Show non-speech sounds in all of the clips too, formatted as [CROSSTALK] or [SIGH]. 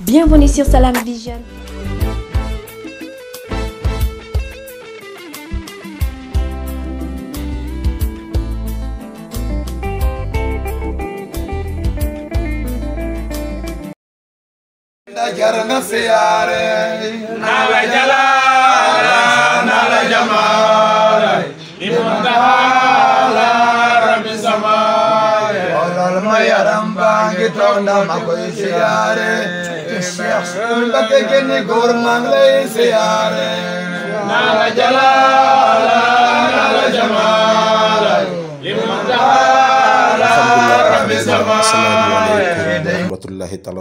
Bienvenue sur Salam Vision. jar na siyaare naa la jalaala naa la jamaala li mu taala rabbi samaale xoolal ma yaram baa ngi toog na ma koy siyaare उनका के के ने wa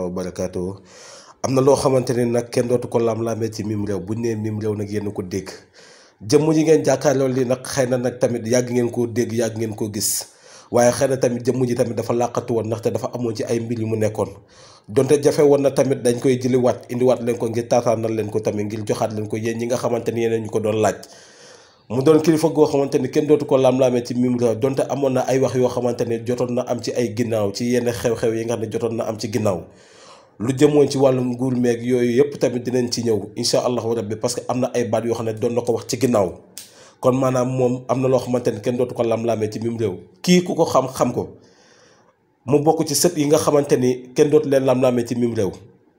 barakaatu am na loo xamante ni nag kenn dootu ko lam-laamee ci miim réew bu nee mim réew nag yenn ko dégg jëmm ji ngeen jàkkaarloo li nag xëy na nag tamit yàgg ngeen koo dégg yàgg ngeen koo gis waaye xëy na tamit jëmm ji tamit dafa làqatu woon ndaxte dafa amoon ci ay mbir yu mu nekkoon donte jafe woon na tamit dañ koy jëliwaat indiwaat leen ko ngir taataanal leen ko tamit ngir joxaat leen ko yéen ñi nga xamante ni yéen ñu ko doon laaj mu doon kilifa goo xamante ni kenn dootu ko laam-laamee ci miim réew amoon na ay yoo xamante ni jotoon na am ci ay ginnaaw ci yenn xew yi nga xam ne jotoon na am ci ginnaaw lu jëmoon ci wàllum nguur meeg yooyu yëpp tamit dinañ ci ñëw incha allahu rabbi parce que am na ay baat yoo xam ne doon na ko wax ci kon maanaam moom am na loo xamante kenn dootu ko laam ci mim réew kii ku ko xam-xam ko mu bokk ci sët yi nga xamante ni kenn dootu leen lam-laamee ci mim réew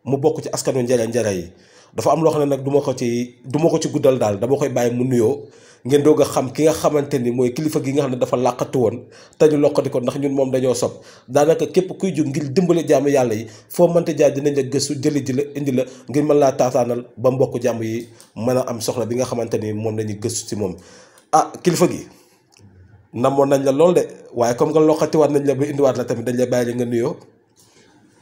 mu bokk ci askanu njare njare yi dafa am loo xam ne nag duma ko ci du ko ci guddal daal dama koy bàyyi mu nuyoo ngeen doog a xam ki nga xamante ni mooy kilifa gi nga xam ne dafa làqatu woon te ñu ko ndax ñun moom dañoo sob daanaka képp kuy jóg ngir dimbale jaamu yàlla foo mënta jaar dinañ la gëstu jëli ji la indi la ngir mën laa taataanal ba mbokk jàmm yi mën a am soxla bi nga xamante ni moom la gëstu ci moom ah kilifa gi namoon nañ la lool de waaye comme nga loxatiwaat nañ la ba indiwaat la tamit dañ lay bàyyi nga nuyoo.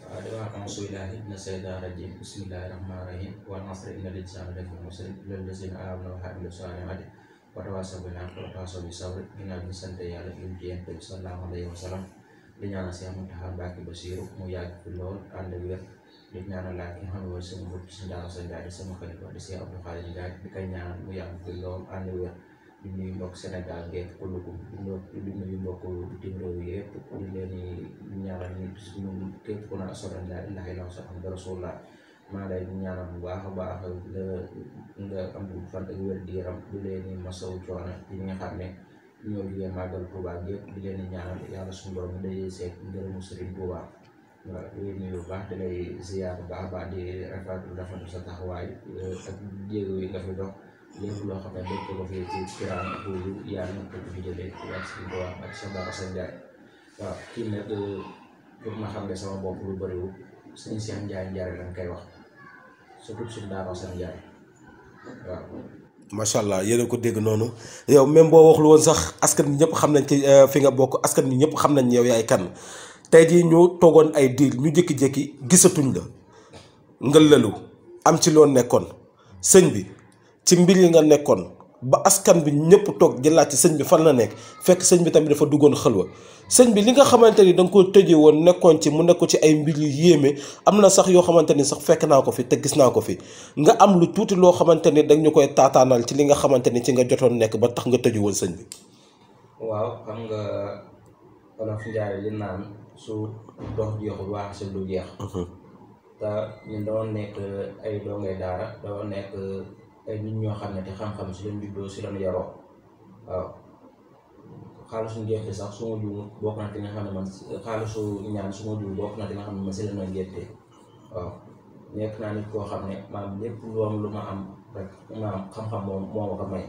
waaw di wax a'uuzu billaahi mina shaytaani rajiim bismillaahi rahmaani rahiim wal asri innal insaana lafii xusrin illal laziina aamanuu wa amilus saalihaati wa tawaasaw bil haqqi wa tawaasaw bis sabri ginnaaw bi sant yàlla julli ci Yonent bi sallallaahu alayhi wa sallam di ñaanal Sëñ Muntaxa Mbàkke Basiiru mu yàgg fi lool ànd wér di ñaanal laa ki nga xam ne mooy sa njaay mu yàgg fi lool ànd wér di nuyu mbokk Sénégal geeg kulugum di nuyu mbokk bitim réew yëpp di leen di ñaanal ñëpp suñu képp ku naan solo laa ilaaha bu baax a baax nga nga am fan ak wér di yaram di leen masaw coono ci ñi nga xam ne ñoo liggéey màggal Tuuba yëpp di leen ñaanal yàlla suñu borom mu dajee seet ngërëmu bu baax di lay ziyaar baax a baax di rafetlu rafetlu sa taxawaay ak jéego yi nga fi lépp loo xam euh, xam ne sama bopp lu bëriwul suñu koy wax surtout suñu allah yéen ko dégg noonu yow même boo waxul woon sax askan bi ñëpp xam nañ ci euh, fi nga bokk askan bi ñëpp xam nañ yow yaay kan tey jii ñu toogoon ay diir ñu jékki-jékki gisatuñ la nga am ci loo nekkoon sëñ bi. ci mbir yi nga nekkoon ba askan bi ñëpp toog di laaj ci sëñ bi fan la nekk fekk sëñ bi tamit dafa duggoon xëlwa sëñ bi li nga xamante ni da nga ko tëjee woon nekkoon ci mu nekk ci ay mbir yéeme am na sax yoo xamante ni sax fekk naa ko fi te gis naa ko fi nga am lu tuuti loo xamante ni dañ ñu koy taataanal ci li nga xamante ni ci nga jotoon nekk ba tax nga tëju woon sëñ bi. waaw xam nga wolof njaay li naan su dox jeexul waax si lu jeex. Mhm. te nekk ay doongay daara dañoo nekk. ay nit ñoo xam ne te xam-xam si lañ juddoo si lañ yaroo waaw xaalisu ngénte sax su ma juum bokk na te xam ne man xaalisu ñaan su ma juum bokk na si lañ ma ngénte waaw nekk naa nit koo xam ne maanaam lépp lu lu ma am rek maanaam xam-xam moom moo ma ko may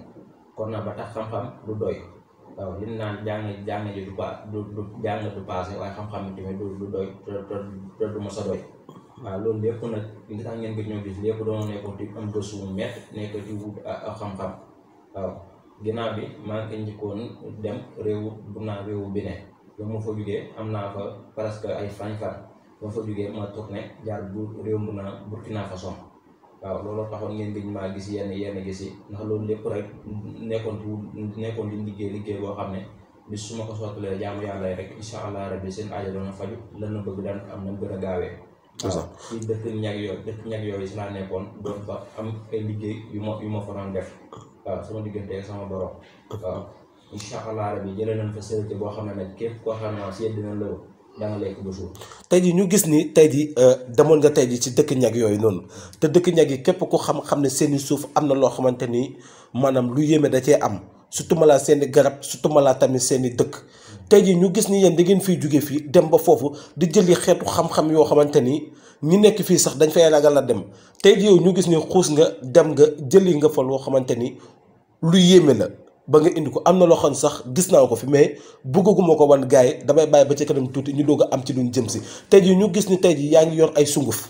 kon nag ba tax xam-xam du doy waaw li naan jàng jàng ji du pa du du jàng du doy te du ma sa doy. waaw loolu lépp na li tax ngeen gëj ñoo gis lépp doon nekkoon di am gëstu bu métti nekk ci wut ak xam-xam waaw ginnaaw bi maa ngi njëkkoon dem réewu bu naa réewu bi ba ma fa jugee am naa fa presque ay fan fan ba ma fa jugee ma tourné jaar bu réew bu naa Burkina Faso waaw looloo taxoon ngeen gëj maa gis yenn yenn gis yi ndax loolu lépp rek nekkoon ci nekkoon di liggéey liggéey boo xam ne bis su ma ko sottalee jaamu yàlla rek incha allah rabbi seen aajo doon faju lan la bëgg daan am na gën a gaawee waaw ah, ci dëkk ñag yooyu dëkk ñag yooyu si laa nekkoon doon fa am ay liggéey yu ma yu ma fa def waaw sama diggante sama borom waaw incha allah rabi jëlee nañ fa séeréer boo xam ne nag képp koo xam ne waaw séeréer dina lëw lekk ba suur. tey jii ñu gis ni tey jii euh, demoon nga tey jii ci dëkk ñag yooyu noonu te dëkk ñag yi képp ku xam-xam ne seeni suuf am na loo xamante ni maanaam lu yéeme da cee am surtout ma seen i garab surtout ma laa tamit seen i dëkk. tey jii ñu gis ni yéen da ngeen fiy jóge fii dem ba foofu di jëli xeetu xam yoo xamante ni ñi nekk fii sax dañ fay ragal a dem tey jii ñu gis ni xuus nga dem nga jëli nga fa loo xamante ni lu yéeme la ba nga indi ko am na loo xam sax gis naa ko fi mais bëggaguma ko wan gars yi damay bàyyi ba ci tuuti ñu doog a am ci luñ jëm si tey jii ñu gis ni tey jii yaa ngi yor ay sunguf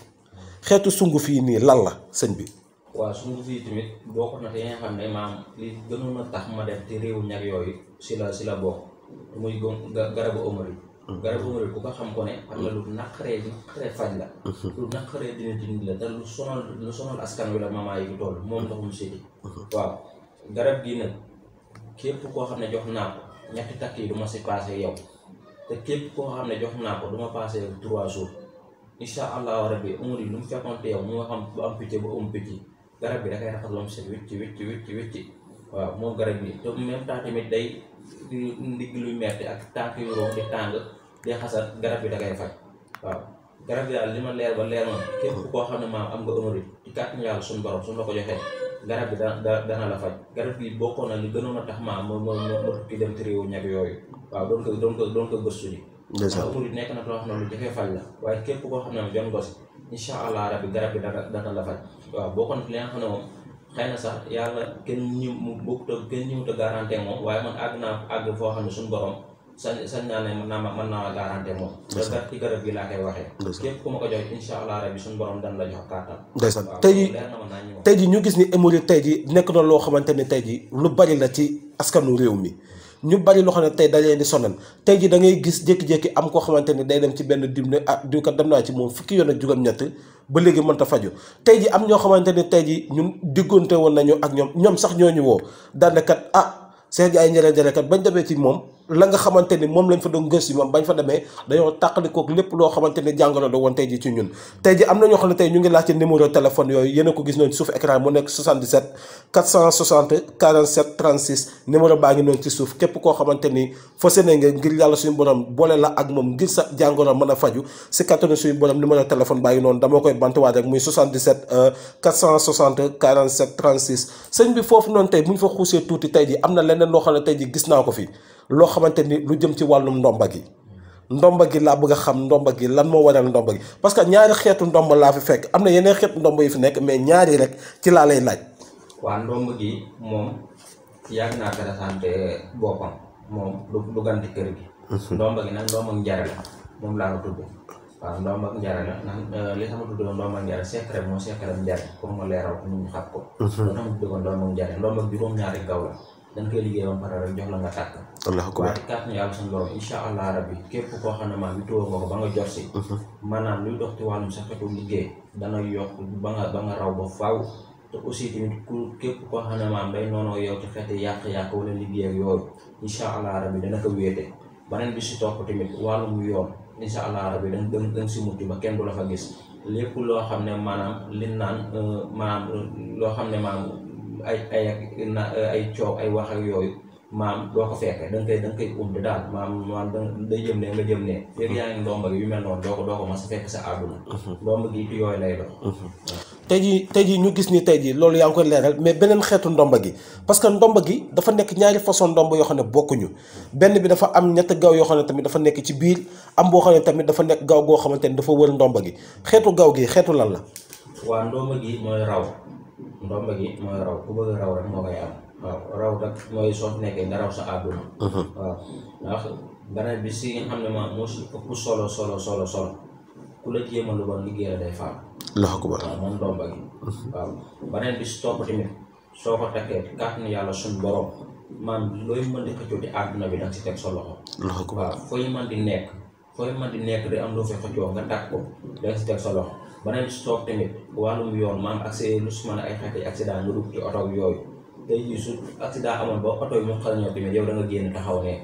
xeetu sunguf yi nii lan la sëñ bi. waa sunguf yi tamit bokk na te nga xam ne maam li gënoon a tax ma def te réewu ñag yooyu si la si la bokk. muy garabu omari mm-hmm. garabu omari ku ko xam ko ne xam nga lu naqaree naqaree faj la mm-hmm. lu naqaree dina dindi la da lu sonal lu sonal askan wi la mamaa yi moom taxum séddi mm-hmm. waaw garab gi koo xam ne jox naa ko ñetti takk yi ma si yow te képp koo xam ne jox naa ko du ma passé trois jours incha allahu rabbi mu fekkoon te yow mu nga xam bi da koy raxas ba mu set moom garab tamit day ndigg luy metti ak tànk yu room di tàng di xasat garab bi da koy faj waaw garab bi daal li ma leer ba leer ma képp koo xam ne maam am nga ëmari ci kàttanu yàlla suñu borom suñu la ko joxee garab bi da dana la faj garab bi bokkoon na li gënoon a tax maam mo mo ci réewu ñag yooyu waaw doon ko doon ko doon ko gëstu ji nekk na loo xam ne lu jafe faj la képp koo xam ne am jon gos incha allah rabbi bi dana dana la faj waaw bokkoon li xam ne moom xëy na sax yàlla kenn ñu mu bokkut ak kenn ñëwut a moom waaye man àgg naa àgg foo xam ne suñu borom sañ sañ naa ne mën naa ma naa ma garanté moom. ndeysaan ci garab gi laa koy waxee. képp ku ma ko jox incha allah rabi suñu borom dan la jox kàttan. ndeysaan tey jii tey jii ñu gis ni émeri tey jii nekk na loo xamante ne tey jii lu bari la ci askanu réew mi. ñu bari loo xam ne tey da leen di sonal tey ji da ngay gis jékki-jékki am koo xamante ne day dem ci benn diw ne ah diw dem naa ci moom fukki yoon ak juróom-ñett ba léegi mënta faju tey ji am ñoo xamante ne tey ji ñu diggoonte woon nañu ak ñoom ñoom sax ñooñu woo daanaka kat ah seen ay njëriñ njëriñ kat bañ demee ci moom la nga xamante ni moom lañ fa doon gëstu moom bañ fa demee dañoo tàqalikook lépp loo xamante ni jàngoro la woon tey ji ci ñun tey ji am na tey ñu ngi laajte numéro téléphone yooyu yéen a ko gis noonu suuf écran mu nekk 77 460 47 36 numéro suuf képp koo xamante ni fas yéene nga ngir yàlla suñu borom boole la ak moom ngir sa jàngoro a faju si kattanu suñu borom numéro ngi noonu dama koy bantuwaat rek muy 77 460 euh, foofu noonu tey tuuti tey ji am na leneen loo xam ne tey ji gis naa ko fi loo xamante ni lu jëm ci wàllum ndomba gi ndomba gi laa bëgg a xam ndomba gi lan moo waral ndomba gi parce que ñaari xeetu ndomba laa fi fekk am na yeneen xeet ndomba yi fi nekk mais ñaari rek ci laa lay laaj. waa ndomba gi moom yàgg naa présenté boppam moom du du kër gi. Mhm. ndomba gi nag ndomba njare la moom laa ko tudd waaw ndomba njare la ndax euh, li sama tudd ndomba njare secret moo secret njare pour mu leeral ko ñu xam ko. loolu mhm. tamit ñaari gaw dañ koy liggéey ba pare rek jox la nga tàkk. wallaahu akbar waaye kàttan yàlla suñu borom allah rabbi képp koo xam ne maanaam tuur ba nga jot si. Mhm. maanaam luy dox ci wàllum sa xeetu liggéey dana yokk ba nga ba nga raw ba faaw. te képp koo xam ne maanaam day noonu yow ci xeeti yàq-yàq wala liggéey ak yooyu incha allah rabbi dana ko wéete beneen bi si topp tamit wàllum yoon incha allah rabbi dañ dañ dañ si mucc ba kenn du la fa gis lépp loo xam ne maanaam li naan euh, maanaam euh, loo xam ne maanaam. ay ay eh, ay coow ay wax ak yooyu maam doo ko fekke da nga koy da nga koy umb daal maam maam day jëm ne nga jëm ne uhuh. fekk yaa ndomba gi yu mel noonu doo ko mas a fekk sa àdduna uhuh. ndomba gi yooyu lay dox uhuh. tey jii tey jii ñu gis ni tey jii loolu yaa ngi koy leeral mais beneen xeetu ndomba gi parce que ndomba gi dafa nekk ñaari façon ndomba yoo xam ne bokkuñu benn bi dafa am ñett gaaw yoo xam ne tamit dafa nekk ci biir am boo xam ne tamit dafa nekk gaaw goo xamante ni dafa wër ndomba gi xeetu gaaw gi xeetu lan la. waa ndomba ndomba gi mooy raw ku bëgg raw rek moo koy am waaw raw rek mooy soo nekkee nga raw sa àdduna uh-huh. waaw ndax beneen bi si nga solo solo solo ku la jéema lu bon liggéey la day faam waaw moom ndomba uh-huh. topp tamit soo ko takkee kàttan yàlla suñ borom man looy mën di xëccoo àdduna bi danga si teg sa loxo waaw fooy mën di nekk fooy mën di nekk di am loo fay xëccoo nga takk ko danga si teg sa loxo beneen si toog tamit mu yoon maam accès lu suma ay xeeti accident nga dugg ci oto yooyu tey jii su accident amoon ba oto yi mu xalañoo tamit yow da génn taxaw ne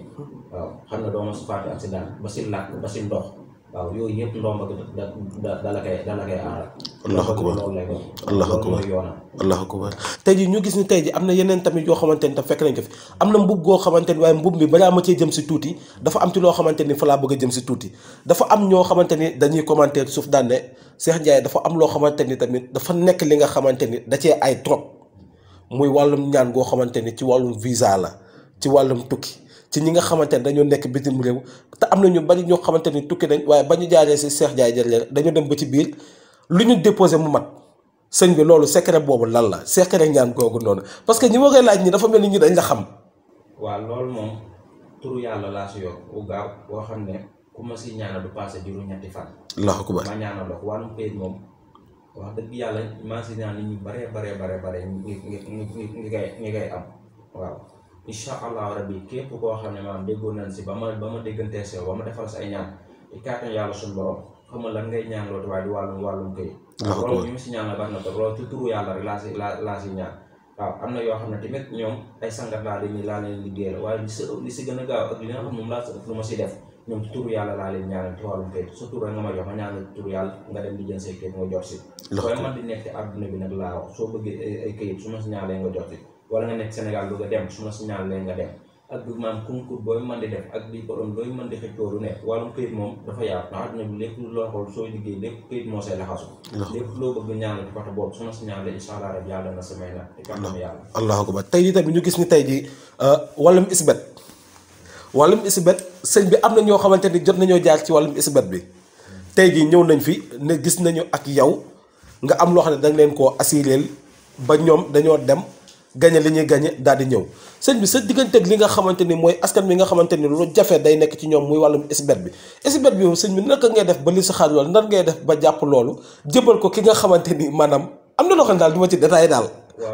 waaw xam ne doo ma su faatu accident ba si làkk ba si ndox waaw yooyu yëpp ndomba gi da da da la koy da la allahu akbar allahu tey jii ñu gis ni tey jii am na yeneen tamit yoo xamante ni te fekk nañ ko am na mbub goo xamante ni waaye mbub mi balaa ma cee jëm si tuuti dafa am ci loo xamante ni fa laa bëgg a jëm si tuuti dafa am ñoo xamante ni dañuy commenter suuf daan ne Cheikh Ndiaye dafa am loo xamante ni tamit dafa nekk li nga xamante ni da cee ay trop muy wàllum ñaan goo xamante ni ci wàllum visa la ci wàllum tukki. ci ñi nga xamante ne dañoo nekk bitim réew te am na ñu bari ñoo xamante ni tukki nañ waaye ba ñu jaaree si Cheikh Ndiaye jërëjëf dañoo dem ba ci biir lu ñu déposé mu mat sëñ bi loolu secret boobu lan la secret ñaan googu noonu parce que ñi ma koy laaj dafa mel ni ñi dañ la xam. waaw loolu moom turu yàlla laa si yokk bu gaaw boo xam ne ku ma si ñaanal du passé juróom-ñetti fan. ko akbar ma ñaanal la ko wàllum këyit moom wax dëgg yàlla ma si ñaan ñu bare baree baree baree ngi ngi ngi ngi incha allah rabbi képp koo xam ne maam déggoon nañ si ba ma ba ma déggantee sew ba ma defal si ay ñaan te kàttan yàlla suñu borom lan ngay ñaan loolu waaye wàllum wàllum këy loolu ñu mu si ñaan la baax na laa laa laa si ñaan am na yoo xam ne tamit ñoom ay sangat laa dañuy laa leen liggéeyal waaye li si li si gën a gaaw ak lu ma si def ñoom ci yàlla laa leen ñaanal ci wàllum këy sa tur rek nga ma jox ma ñaanal turu yàlla nga dem di jël say këyit nga jot si sooy man di nekk ci bi nag laa soo bëggee ay këyit su ma si ñaanee nga jot si wala nga nekk Sénégal du nga dem su ma signaler nga dem ak bi maam concours booy mën di def ak moo say laxasu lépp loo bëgg ñaan la ci côté boobu su ma signaler tey ji tamit ñu gis ni tey ji euh, wàllum isbet wàllum isbet sëñ bi am na ñoo xamante ni jot nañoo jaar ci wàllum isbet bi tey jii ñëw nañ fi ne gis nañu ak yow nga am loo xam ne dañ leen koo assuré ba ñoom dañoo dem gañe li ñuy gañe daal di ñëw sëñ bi sa diggante ak li nga xamante ni mooy askan bi nga xamante ni lu jafe day nekk ci ñoom muy wàllum SBET bi SBET bi moom sëñ bi naka ngay def ba li saxaar loolu nan ngay def ba jàpp loolu jëbal ko ki nga xamante ni maanaam am na loo xam ne daal du ma ci détaillé daal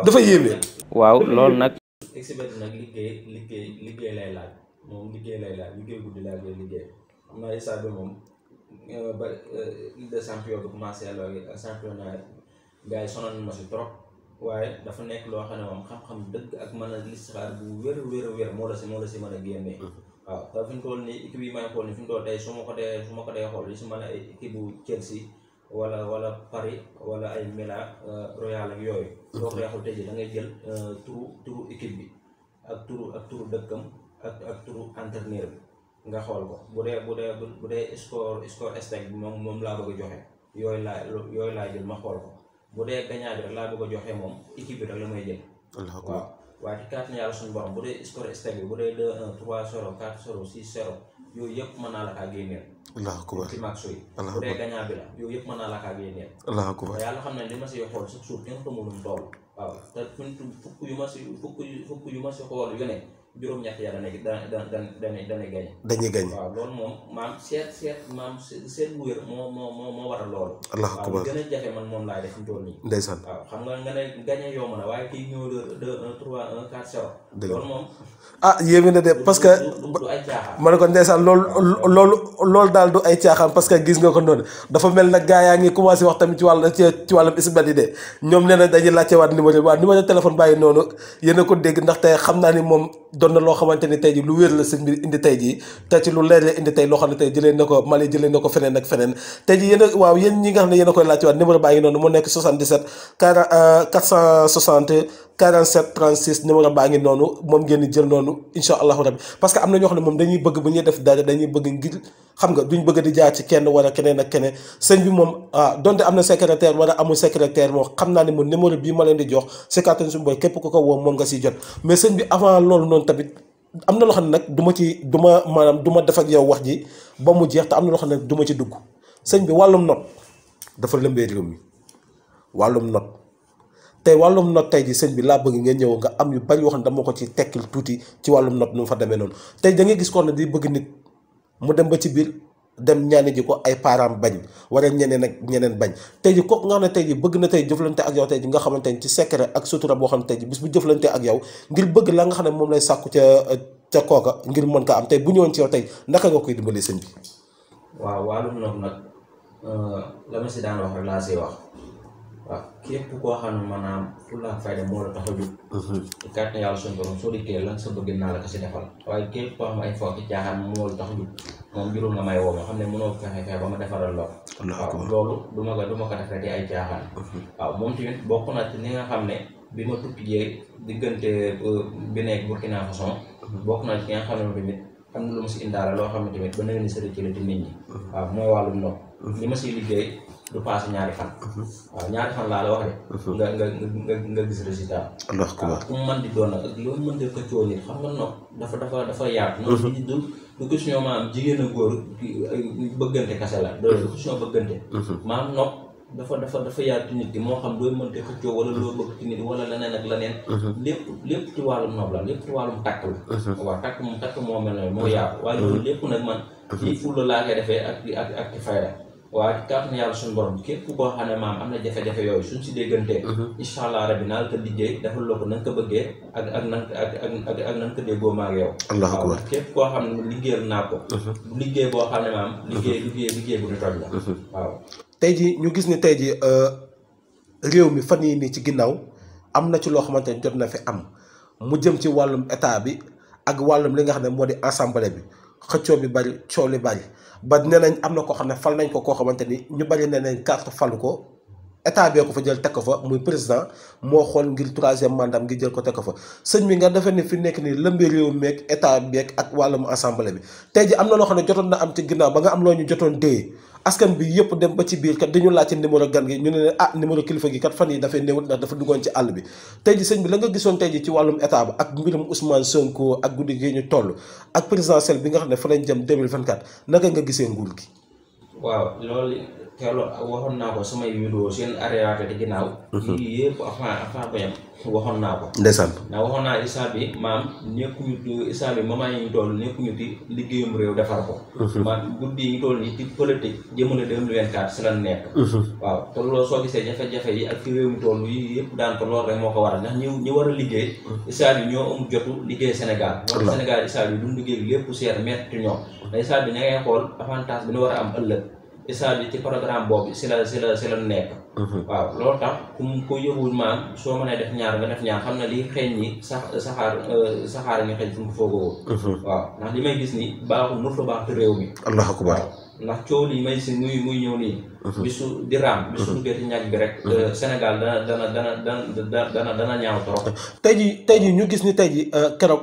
dafa yéeme waaw loolu nag SBET nag liggéey liggéey liggéey lay laaj moom liggéey lay laaj liggéey guddi laaj lay liggéey am naa isa bi moom euh, ba euh, Ligue des champions bi commencé yi sonal ma waaye dafa nekk loo xam ne moom xam-xam dëgg ak man a listixaar bu wér wér wér moo la si moo la si mën a génnee mm-hmm. waaw te fi ñu toll nii équipe yi su ma ko dee su ma ko dee xool li si man a ay équipe bu Chelsea wala wala Paris wala ay Milan euh, Royal ak yooyu mm-hmm. soo ko dee xool tey ji da ngay jël euh, turu turu équipe bi ak turu ak turu dëkkam ak ak bi nga xool ko bu dee bu dee dee score score stack bi moom moom laa bëgg joxe yooyu laa yooyu laa jël ma xool ko bu dee gagnant bi rek laa bëgg a joxe moom équipe bi rek la may jël. waaw waaye ci kàttan yàlla suñu borom bu dee score stag bi bu dee 2 1 3 0 4 0 6 yooyu yëpp mën naa la kaa génneel. allahu akbar ci yi. bu dee gagnant bi la yooyu yëpp mën naa la kaa génneel. allahu akbar yàlla xam ne li ma siy xool chaque jour kenn xamul lu mu waaw te fukk yu ma si yu fukk yu ma si xool yu ne. juróom-ñett ya dañuy dañuy dañuy gañ. dañuy gañ waaw loolu moom maam seet seet maam seet bu wér moo moo moo waral moom laa def fi mu toll xam gañe na waaye kii ñëw 2 1 3 1 4 0. dëgg moom. ah yéeme na de parce que. du ay caaxaan ne ko ndeysaan loolu loolu loolu daal du ay caaxaan parce que gis nga ko noonu dafa mel nag gaa yaa ngi commencé wax tamit ci wàll ci wàllum isbel yi de ñoom nee na dañuy laajte waat numéro bi waaw numéro bàyyi noonu yéen ko dégg te xam naa ni moom doon na loo xamante ni tey ji lu wér la sëñ bi indi tey ji te ci lu leer la indi tey loo xam ne tey jëlee na ko Mali jëlee na ko feneen ak feneen tey ji yéen a waaw yéen ñi nga xam ne yéen a koy laaj waat numéro baa ngi noonu mu nekk 77 460 47 36 numéro baa ngi noonu moom ngeen di jël noonu incha allahu rabi parce que am na ñoo xam ne moom dañuy bëgg bu ñuy def dara dañuy bëgg ngir xam nga duñ bëgg di jaar ci kenn wala keneen ak keneen sëñ bi moom ah donte am na secrétaire a amul secrétaire moo xam naa ne moom numéro bii ma leen di jox si kattan suñu képp ku ko woo moom nga siy jot mais sëñ bi avant loolu noonu tamit am na loo xam ne nag du ma ci du ma maanaam du ma def ak yow wax ji ba mu jeex am loo xam ne du ma ci dugg sëñ bi wàllum not dafa lëmbee réew mi wàllum not tey wàllum not tey ji sëñ bi laa bëgg ngeen ñëw nga am yu bari yoo xam ne dama ko ci tekkil tuuti ci wàllum not nu mu fa demee noonu tey da ngay gis ko ne bëgg nit mu dem ba ci biir dem ñaani ji ko ay parents bañ wala ñeneen ak ñeneen bañ tey ji kooku nga xam ne tey ji bëgg na tey jëflante ak yow tey nga xamante ni ci secret ak sutura boo xam ne tey ji bis bu jëflante ak yow ngir bëgg la nga xam ne moom lay sàkku ca ca kooka ngir mën ka am tey bu ñëwoon ci yow tey naka nga koy dimbalee sëñ bi waaw wàllum noonu nag euh, la ma si daan wax rek laa si wax waaw képp koo xam ne maanaam fulla ak fayda moo la tax a jóg mhm. kàttan yàlla suñu borom soo dikkee lan sa bëgg naa la ko si defal waaye képp koo xam ne ay fooki a jóg xam ne mënoo fexe fexe ma defaral lool waaw loolu du ma ko du ma ko def rek di ay caaxaan mhm. moom tamit bokk na ni nga xam ne bi ma tukki diggante euh, bi nekk Burkina mhm. na ki nga xam ne tamit am lu ma si indaale loo xam ne tamit ba naga ni sëriñ ci la nit ñi waaw mooy wàllum nopp li ma siy liggéey du passé ñaari fan. waaw ñaari fan laa la wax de. Mhm. nga nga nga nga gis résultat. ndax ku ku mu mën di doon nag ak loo mën di nit xam nga noonu dafa dafa dafa yaatu. Mhm. noonu góor bëggante kase la. loolu question bëggante. Mhm. maanaam nopp dafa dafa dafa yaatu nit ki moo xam looy mën di xëccoo wala loo bëgg ci nit wala leneen ak leneen. lépp lépp ci wàllum nopp la lépp ci wàllum la. moo mel waaye loolu lépp nag man. ci fulla laa koy defee ak ak ak ci fayda. waaye ci kàttanu yàlla suñu borom képp koo xam ne maam am na jafe-jafe yooyu suñ si déggantee mhm. incha allah rabi naa la ko liggéey defal la ko na nga ko bëggee ak ak na ak ak na nga ko képp koo xam ne liggéeyal naa ko mhm. bu liggéey boo xam ne maam mhm. liggéey liggéey liggéey bu ñu toj la waaw tey ji ñu gis ni tey ji euh, réew mi fan yii nii ci ginnaaw am na ci loo xamante ne jot na fi am mu jëm ci wàllum état bi ak wàllum li nga xam ne moo di assemblée bi xëccoo bi bari coow li bari ba ne lañ am na koo xam ne fal nañ ko koo xamante ni ñu bari ne nañ carte falu ko état bee ko fa jël teg ko fa muy président moo xool ngir troisième mandat ngir jël ko teg ko fa sëñ bi nga defee ne fi nekk nii lëmbi réew meeg état beeg ak wàllum assemblée bi tey ji am na loo xam ne jotoon na am ci ginnaaw ba nga am loo ñu jotoon téye askan bi yëpp dem ba ci biir kat dañu laajte numéro gan gi ñu ne leen ah numéro kilifa gi kat fan yi dafay néewut ndax dafa duggoon ci àll bi tey ji bi la nga gisoon tey ci wàllum état ba ak mbirum Ousmane Sonko ak guddi gi ñu ak présidentielle bi nga xam ne fa lañ jëm 2024 naka nga gisee nguur gi waaw te loolu waxoon naa ko samay vidéo seen arrière di ginnaaw. Mhm. yii yëpp avant avant ba yem waxoon naa ko. ndeysaan ndax waxoon naa isaa bi maam nekkuñu isaa bi moment yi ñu toll nekkuñu ci liggéeyum réew defar ko. Mhm. maam guddi yi ñu toll nekk. Mhm. waaw yi ak fi réew mi toll yii yëpp daan ko loolu rek moo ko waral ndax ñu ñu war a liggéey. isaa bi ñoo am jotu liggéey Sénégal. waaw Sénégal isaa bi duñ liggéey lépp seer métti ñoom. ndax isaa bi na ngay xool avantage bi ñu war a am ëllëg. essage bi ci programme boobu si la si la si la nekk. Mhm. waaw loolu tax ku ku yëgul maam soo mënee def ñaar nga def ñaar xam na lii xeeñ ñi sax saxaar euh, saxaar ñi xeeñ fu mu foogoo. Mhm. ndax li may gis nii baaxul mënut a baax ci réew mi. allahu akbar ndax coow lii may si muy muy ñëw nii. Mhm. bisu di raam. bisu gerte ñaaj bi rek. Euh, Sénégal dana dana dana dana ñaaw trop. tey jii tey jii ñu gis ni tey jii euh, keroog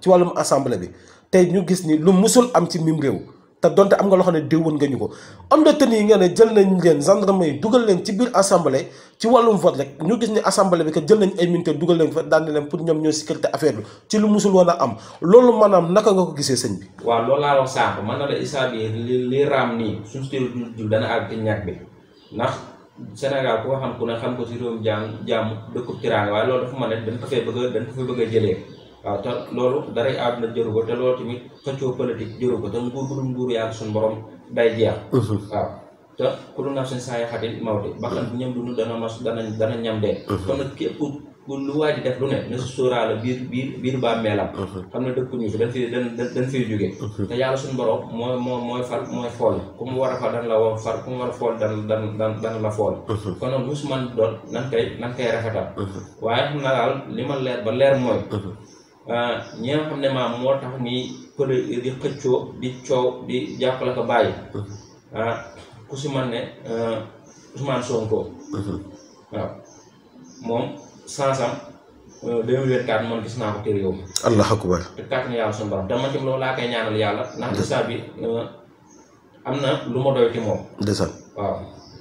ci wàllum assemblée bi tey ñu gis ni lu musul am ci mim réew. te donte am nga loo xam ne déwoon nga ñu ko homme na tenue yi nga ne jël nañ leen gendarme yi dugal leen ci biir assemblée ci wàllum vote rek ñu gis ne assemblée bi que jël nañ ay militaire dugal leen fa daan leen pour ñoom ñoo sécurité affaire bi ci lu musul woon a am naka nga ko gisee sëñ bi. waaw loolu laa wax sànq man na la Issa bi li li raam nii suñu tëjee dana àgg ñàkk bi ndax Sénégal ku xam ku ne xam ko si réewum jàmm jàmm dëkkub tiraanga waaye loolu dafa mën a dañ ko fee bëgg a dañ ko fee bëgg jëlee. waaw te loolu daray àdduna jëru ko te loolu tamit xëccoo politique jëru ko te nguur gu dul nguuru yàlla suñu borom day jeex mhm. waaw te ku mhm. lu nafsin saa yaxatin mawti bakkan di def na si sóoraale biir biir biir bàmmeelam mhm. xam ne dëkkuñu fi dañ fi dañ te yàlla suñu borom mooy moo mooy fal mooy fool ku mu war a fal dan la war fal ku mu war a fool dan dan dan dan la fool kon nag musu man doon nan koy nan koy rafetal waaye xam na daal li ma leer ba leer mooy Euh, ñi nga xam ne maam moo tax ñuy pël di xëccoo di coow di jàppale ko bàyyi ah ku si man ne euh, Ousmane Sonko mhm. waaw moom sansam 2024 man gis naa ko te réew mi allahu akbar te kàttan yàlla suñu borom dama ci loolu laa koy ñaanal yàlla ndax saa bi am na lu ma doy ci moom waaw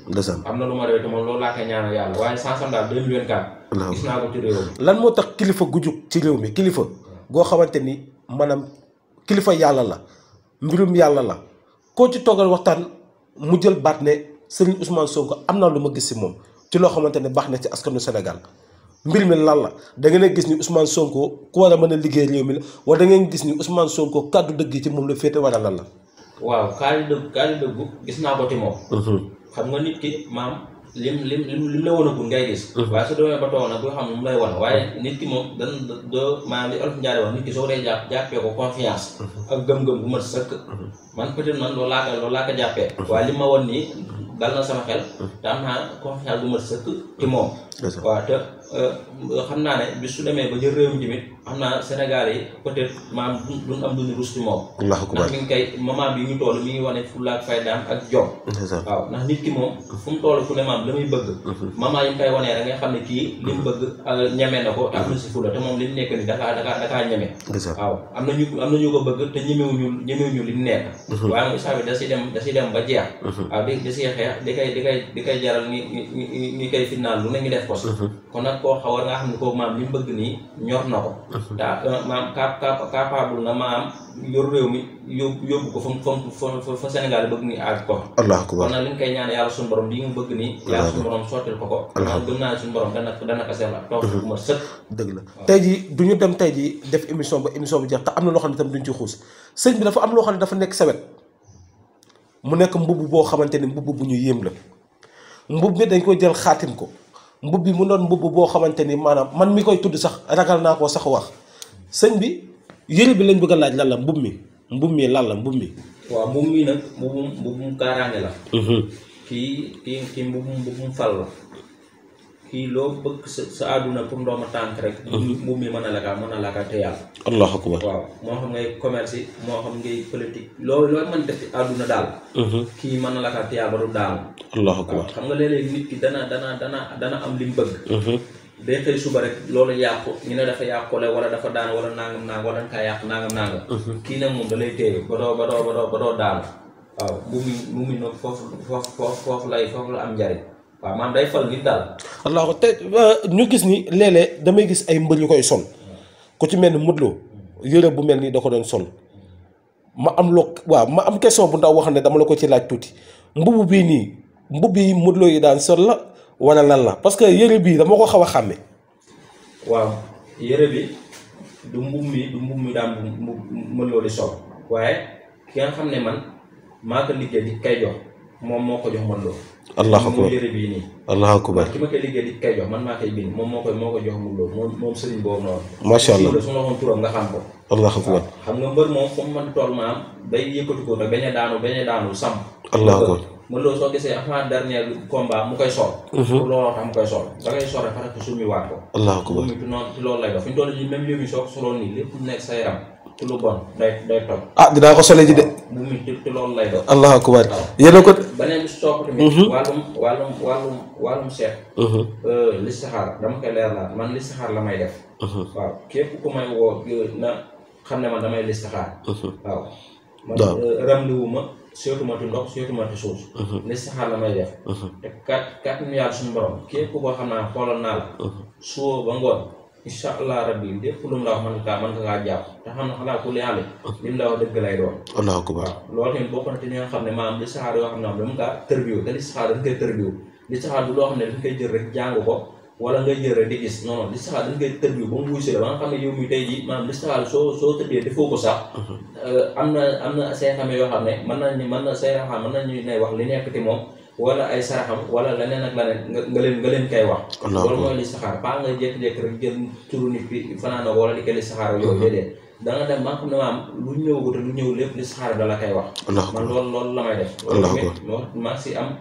ndeysaan am na lu ma moom loolu laa koy ñaanal yàlla waaye sansam daal 2024 gis naa ko lan moo tax kilifa gu jug ci réew mi kilifa goo xamante ni maanaam kilifa yàlla la mbirum yàlla la koo ci toogal waxtaan mu jël baat ne Serigne Ousmane Sonko am naa lu ma gis si moom ci loo xamante ne baax na ci askanu Sénégal mbir mi lan la da ngeen gis ni Ousmane Sonko ku war a mën a liggéey réew mi la wala da ngeen gis ni Ousmane Sonko kàddu dëgg ci moom la féete wala lan la. waaw kaari dëgg kaari dëggu gis naa ko ci moom. Mhm. xam nga nit ki maam lim lim lim lim la wan a gun ngay gis. Mhm. waaye su demee ba toog nag boo xam ne mu lay wan waaye nit ki moom dan doo maanaam li olof njaare nit ki soo dee jàpp jàppee ko confiance. Mhm. ak gëm-gëm bu ma sëkk. man peut-être man loolu laa ko loolu laa ko jàppee. waaye li ma wan nii. dal na sama xel hmm. te am naa confiance bu ma sëkk ci moom waaw te euh, xam naa ne bi su demee ba jël réew mi tamit xam naa Sénégal yi peut-être maam duñ am duñu rus ci moom ndax mi ngi koy moment bi ñu toll mi ngi wane fulla ak faydaam ak jom waaw ndax nit ki moom fu mu toll fu ne maam la muy bëgg moment yi mu koy wanee da nga xam ne kii li mu hmm. bëgg ñeme na ko te am na hmm. si fulla te moom li mu nekk ni dakaa dakaa dakaa waaw am na ñu am na ñu ko bëgg te ñemewuñu ñu li mu nekk waaye moom isaa bi da dem ba jeex waaw da di koy di koy di koy jaral ni ni ni koy fitnaal lu ne ñu def ko. Mhm. kon nag koo xaw war nga xam ne koo maam li mu bëgg nii ñor na ko. Mhm. daa euh, maam mi yóbbu yóbbu ko fa fa fa Sénégal bëgg nii aaj ko. allah akbar kon nag li ñu koy ñaan yàlla suñu borom li mu bëgg nii. yàlla suñu borom sottil ko ko. alhamdulilah gëm naa ne suñu borom dana dana ko seetla. toog mhm. bu ma sëkk. dëgg la tey du ñu dem tey def émission ba émission bi jeex te am na loo xam ne duñ ci xuus sëñ bi dafa am loo xam dafa nekk sawet mu nekk mbubb boo xamante ni mbubb bu ñu yéem la mbubb bi dañ koy jël xatim ko mbubb bi mu doon mbubb boo xamante ni maanaam man mi koy tudd sax ragal naa koo sax wax sëñ bi yëre bi lañ bëgg a laaj lan la mbubb mi mbubb mi lan la mbubb mi. waaw mbubb mi nag mbubbum mbubbum kaaraange la. Mhm. kii kii kii mbubbum mbubbum fal la. kii loo bëgg sa sa àdduna pour ndooma tànk rek. Mhm. mu mi mën a la kaa mën a la kaa te yàlla. allahu waaw moo xam ngay commerce yi moo xam ngay politique loo loo mën def ci àdduna daal. Mhm. kii mën na la kaa te yàlla du daal. allahu akbar xam nga léeg-léeg nit ki dana dana dana am li bëgg. Mhm. day xëy suba rek loolu yàqu ñu ne dafa yàqule wala dafa daan wala nangam nangam wala dañ kaa yàq nangam nangam. kii nag moom da lay téye ba doo ba doo waaw mu mi mu mi nag foofu am njariñ waaw maanaam day fal ngir dal. wallaahu te ñu gis ni léeg damay gis ay mbër yu koy sol ku ci mel ni Modou Lo yére bu mel nii da ko doon sol ma am loo waaw ma am question bu ndaw wax ne dama la ko ci laaj tuuti mbubu bii nii mbubb yi Modou yi daan sol la wala lan la parce que yére bii dama ko xaw a xàmme. waaw yére bi du mbub mi daan mbub Modou Lo di sol waaye ki nga xam ne man maa ko liggéey di kay jox moom moo ko jox allah akbar allah akbar ki ma koy liggéey di kay jox man maa koy bind moom moo koy moo koy jox mu loolu moom moom sëriñ boobu noonu. macha allah su ma waxoon turam nga xam ko. allah akbar xam nga mbër moom fu mu a daanu a daanu sàmm. allah akbar mën loolu soo gisee avant dernier combat mu koy sol. Mhm. looloo tax mu koy sol da ngay sol rek parce que waat ko. allah akbar suñu noonu loolu lay doon fi ñu toll nii même yëngu soog soloon nii lépp sa yaram. ci lu bon day day toog. ah dinaa ko sole ji de. loolu lay doon. allah akbar yéen a ko. beneen bi si topp tamit. Mhm. wàllum wàllum wàllum wàllum seet. Mhm. Euh, li saxaar dama koy leerlaat man li saxaar la may def. Mhm. waaw képp euh, ne man damay li saxaar. waaw man euh, ramliwuma seetuma ci ndox seetuma ci suuf. li saxaar la may def. te kat nu yàlla suñu borom képp koo xam naa xooloon naa la. suwoo ba ngoon. incha allah rabbi lépp lu mu la wax mën nga kaa jàpp te xam ne xalaa ku li àll li la wax dëgg lay doon allahu akbar na te nga loo xam ne dañ koy jël rek jàng ko wala ngay jël rek di gis non non li saxaar dañ koy tërbiw ba mu wuyu la ba nga xam ne yow li saxaar soo soo tëddee defoo ko sax mhm. euh, am na am na say xame yoo xam ne mën nañ mën na say xam mën nañu ne wax li nekk ci moom wala ay saraxam wala leneen ak leneen nga leen nga leen kay wax loolu mooy li saxaar pas nga jékki-jékki rek jël turu nit bi fanaanoo wala di ko li saxaar yooyu mm-hmm. déedéet da nga dem ba nga xam ne maam lu ñëwgut lu ñëw lépp li saxaar bi da la koy wax man loolu loolu la may def loolu maa si am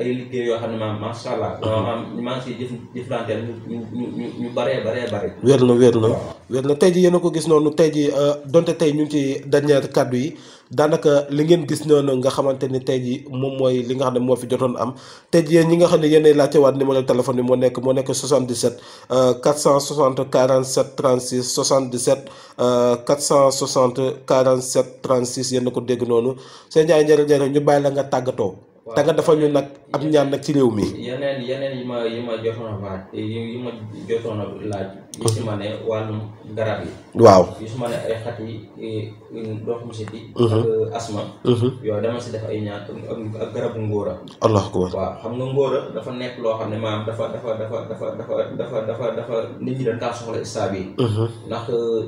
ay liggéey yoo xam ne maam macha allah mm-hmm. maam maa si jëf jëflanteel ñu ñu ñu ñu baree bare bare wér la wér la wér na tey ji yéen a ko gis noonu tey ji euh, donte tey ñu ngi ci dernier kàddu yi daanaka li ngeen gis noonu nga xamante ni tey ji moom mooy li nga xam ne moo fi jotoon am tey ji ñi nga xam ne yéenay laajte waat numéro téléphone bi moo nekk moo nekk 77 460 47 36 77 460 47 36 yéen a ko dégg noonu seen jaay njëriñ njëriñ ñu bàyyi la nga tàggatoo te nga defal ñu nag ab ñaan nag ci réew mi. yeneen yeneen yi ma yi ma jotoon a laaj yi ma jotoon a laaj. yi si ma ne wàllum garab yi. waaw yi su ma ne ay xat yi dox mu siti. Mhm. ak uh, asma. Mhm. yooyu dama si def ay ñaan ak garabu ngóora. allah akbar waaw xam nga ngóora dafa nekk loo xam ne maanaam dafa dafa dafa dafa dafa dafa dafa nit ñi dañ kaa soxla istaa bi. Mhm. ndax uh,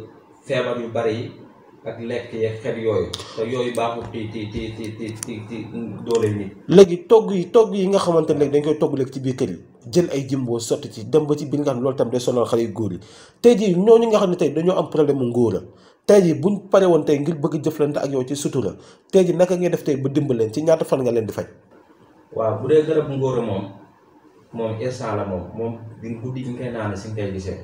feebar yu bari yi. ak lekk yeeg xet yooyu te yooyu baaxul ci ci ci ci doole nit. léegi togg yi togg yi nga xamante ne dañ koy togg léegi ci biir kër yi jël ay jëmboo sotti ci dem ba ci biir nga xam ne loolu tam de sonal xale yu góor yi tey jii ñooñu nga xam ne tey dañoo am problème mu ngóora tey jii buñ pare woon tey ngir bëgg jëflante ak yow ci sutura tey jii naka ngay def tey ba dimbal leen ci ñaata fan nga leen di faj. waaw bu dee garab ngóora moom. moom instant la moom moom di guddi ñu koy naan si nga gisee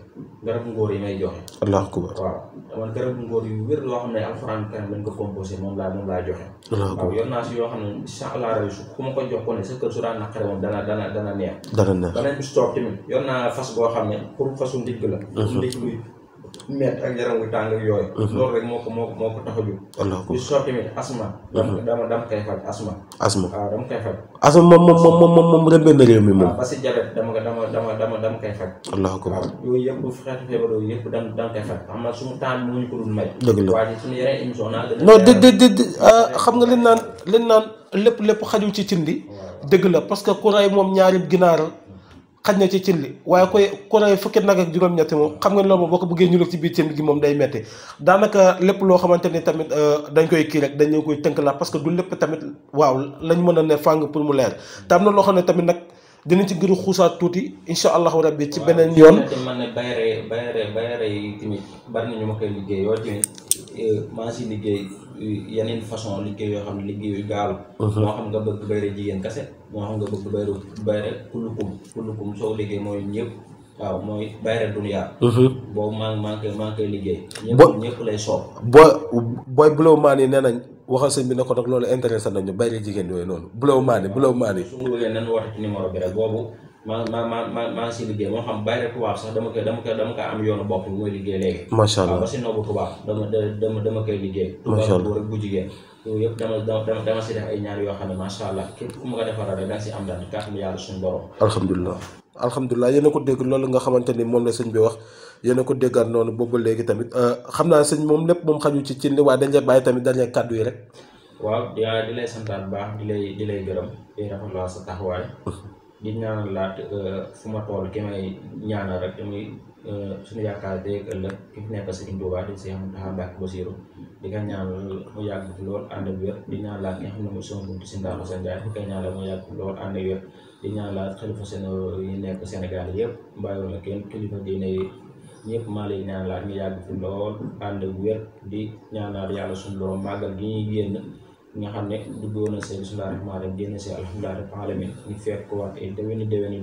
garabu ngóor yi may joxe. allahu ko waaw man garabu ngóor yu wér loo xam ne alxuraan kanam lañ ko composé moom laa moom laa joxe. waaw yor naa si yoo xam ne incha allah rabi su ku ma ko jox ko ne sa kër su daan naqare moom dana dana dana neex. dana neex beneen bi si toog tamit yor naa fas boo xam ne pour fasu ndigg la. Mhm. ndigg bi. met ak yaram wu tàng ak yooyu. Mhm. loolu rek moo ko moo a jóg. wallaahu ko tamit dëgg la waaye suñu yeneen émission naa gën a. non dé dé dé xam nga li naan li naan lépp lépp xajul ci cin li. dëgg la parce que ku rey moom ñaari ginaar xaj na ci cin li waaye koy ku rey nag ak juróom-ñetti moom xam nga loolu moom boo ko bëggee ñuul ci biir cin gi moom day metti daanaka lépp loo xamante ni tamit euh, dañ koy kii rek dañu koy tënk la parce que du lépp tamit waaw lañ mën a ne fàng pour mu leer te am na loo xam ne tamit nag dinañ ci gëru xuusaat tuuti incha allahu rabbi ci beneen yoon. waaw ne bayre bayre bayre yi tamit bari na ñu ma koy liggéey Euh, maa si liggéey euh, yeneen façon liggéey yoo xam ne liggéeyu gaalu moo xam nga bëgg bayre jigéen kase moo xam nga bëgg bayre bayre kullukum kullukum soo liggéey mooy ñëpp waaw mooy bayre duniyaa boobu maa maa ngi koy maa liggéey ñëpp ñëpp lay soob booy booy bulow maan yi nee nañ waxal sëñ bi ne ko nag loolu intéressé nañu bayre jigéen yooyu noonu bulow maan yi bulow maan yi su ma bëggee nan woote ci numéro bi rek boobu ma ma ma ma maa ngi si liggéey moo xam bàyyi tubaab sax dama koy dama koy dama koy am yoonu bopp bu muy liggéey léegi. macha allah waaw ba si noobu tubaab dama dama dama koy liggéey. macha allah tubaab bu rek bu jigéen. yooyu yëpp dama dama dama si def ay ñaar yoo xam ne macha allah képp ku ma ko defaral rek da nga si am daal kàttan yàlla suñu borom. alhamdulilah. alhamdulilah yéen a ko dégg loolu nga xamante ni moom la sëñ bi wax yéen a ko déggaat noonu boobu léegi tamit euh, xam naa sëñ moom lépp moom xaju ci cin li waaye dañ lay bàyyi tamit dañ lay kàddu yi rek. waaw di lay santaan bu baax di lay di lay gërëm di rafetlu sa taxawaay di ñaanal laat euh, fu ma toll ki may ñaanal rek te muy euh, suñu yaakaar dégg ëllëg ki fi nekk Serigne Touba di Cheikh Mountakha Mbacké Bassirou di ko ñaanal mu di ñaan laat nga ne mooy sama si Ndao Sane Ndiaye yëpp bàyyiwu kenn kilifa diine yi maa lay ñaan laat yàgg fi lool ànd ak wér di ñaan yàlla suñu borom màggal gi ñuy génn. nga xam ne duggoon na see bismillahi rahmaani rahim génn see alhamdulillahi rabbil alamin ñu fekk ko waat ay déwéni déwéni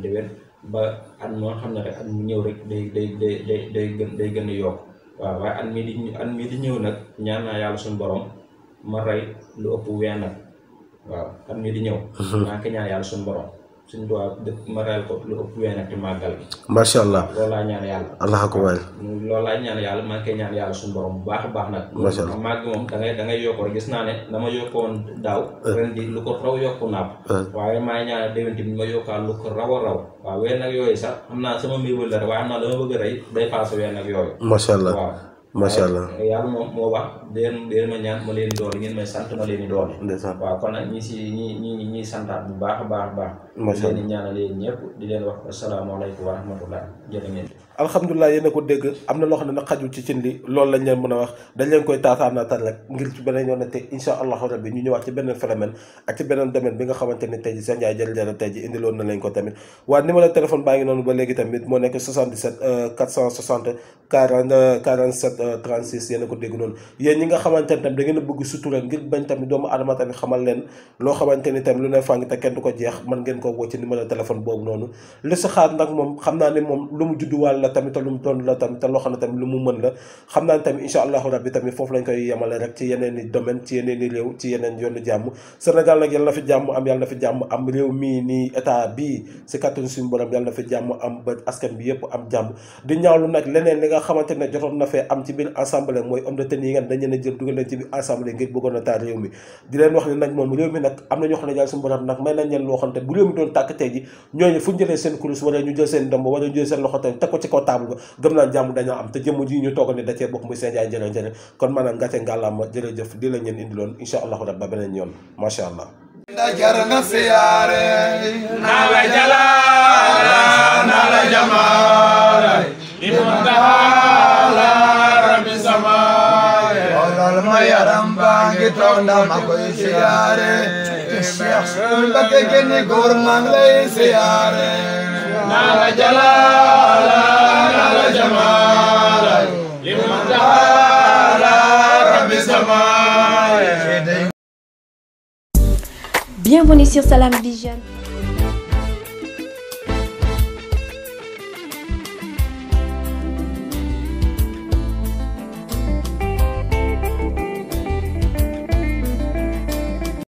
ba at moo xam ne rek at mu ñëw rek day day day day gën day gën a yokk waaw waaye at mii di ñëw nag ñaan naa yàlla suñu borom ma rey lu ëpp ween nag waaw at mii di ñëw naa [LAUGHS] ko ñaan yàlla suñu borom suñu doyen dëkk ma reyal ko lu ëpp weenati màggal bi. macha allah loolu laa ñaan yàlla. allah akbar. ñaan yàlla maa ngi bu baax a baax nag. macha allah màgg moom dangay ngay da gis naa ne dama yokkoon daaw. Eh. ren di lu ko raw yokku naab. Eh. waaye maa ñaan déwén tamit ma yokkaat lu ko raw a raw. waaw ween yooyu sax am naa sama mbir la rek waaye xam naa dama bëgg a rey day paase ween nag yooyu. macha allah waaw allah di leen di leen ma ñaan ma leen doole ngeen may sant ma leen doole. ndeysaan waaw kon nag ñi si ñi ñi santaat bu baax a baax a baax. macha allah leen ñëpp di leen wax asalaamaaleykum wa rahmatullah jërë ko dégg am na loo xam ne nag xajul ci cin li mën a wax dañ leen koy taataanaataan rek ngir ci beneen yoon te incha allahu rabbi ñu ñëwaat ci beneen phénomène ak ci beneen domaine bi nga xamante ni tey ji seen yaay jël-jël tey na lañ ko tamit waaye numéro téléphone baa ngi noonu ba léegi tamit moo nekk 77 460 40 47 36 yéen a ko dégg noonu ñi nga xamante ne tamit da bëgg sutura ngir bañ tamit doomu adama tamit xamal leen loo xamante ni tamit lu ne fàng te kenn du ko jeex mën ngeen ko woo ci numéro téléphone boobu noonu listixaar nag moom xam naa ne moom lu mu judduwaal la tamit lu mu doon la tamit loo xam ne tamit lu mu mën la xam naa ne tamit incha allahu rabbi tamit foofu lañ koy yemale rek ci yeneen domaine ci yeneen réew ci yeneen yoonu jàmm Sénégal nag yàlla na fi jàmm am leen a jël dugal leen ci biir assemblée ngir bëggoon a taal naa la ngeen yaram baa ngi taw ndax ma koy siyaare Cheikh Mbacké Guéni Góor maa ngi lay siyaare naa la jalaala naa la jamaala li mu taala rabbi samaa Bienvenue sur Salam Vision